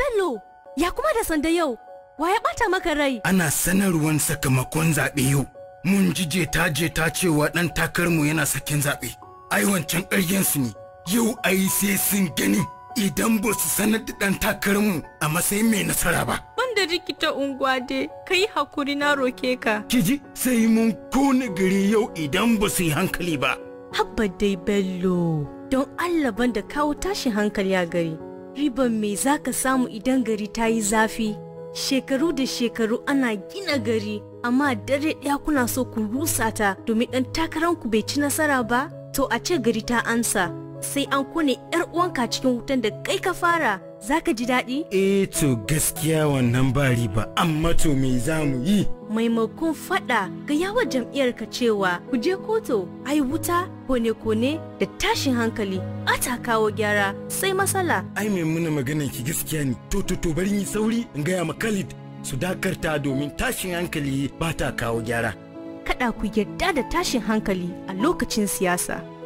Bello, ya kuma da sanda yau, wa ya ɓata maka rai? Ana sanarwan sakamakon zaɓe yau. Mun ji jeta jeta cewa ɗan takarmu yana sakin zaɓe. Ai wancan ƙaryen su ne, yau ai sai sun gani idan ba su sanar da ɗan takarmu a matsayin mai nasara ba. Banda rikita unguwa de, ka yi hakuri na roke ka. Kiji sai mun kone gari yau idan ba su yi hankali ba. Habba dai Bello, don Allah banda kawo tashin hankali a gari. riban me za ka samu idan gari ta yi zafi shekaru da shekaru ana gina gari amma dare ɗaya kuna so ku rusa ta domin ɗan takaranku bai ci nasara ba to a ce gari ta ansa sai an kone yar uwanka cikin wutan da kai ka fara zaka ji daɗi? Eh to gaskiya wannan ba riba amma to me za mu yi? Maimakon faɗa ga yawon jam'iyyar ka cewa ku je koto ai wuta kone-kone da tashin hankali ata kawo gyara sai matsala. Ai mai muna magana ki gaskiya ne to to to bari yi sauri in gaya ma Khalid su dakarta domin tashin hankali ba ta kawo gyara. Kada ku yarda da tashin hankali a lokacin siyasa.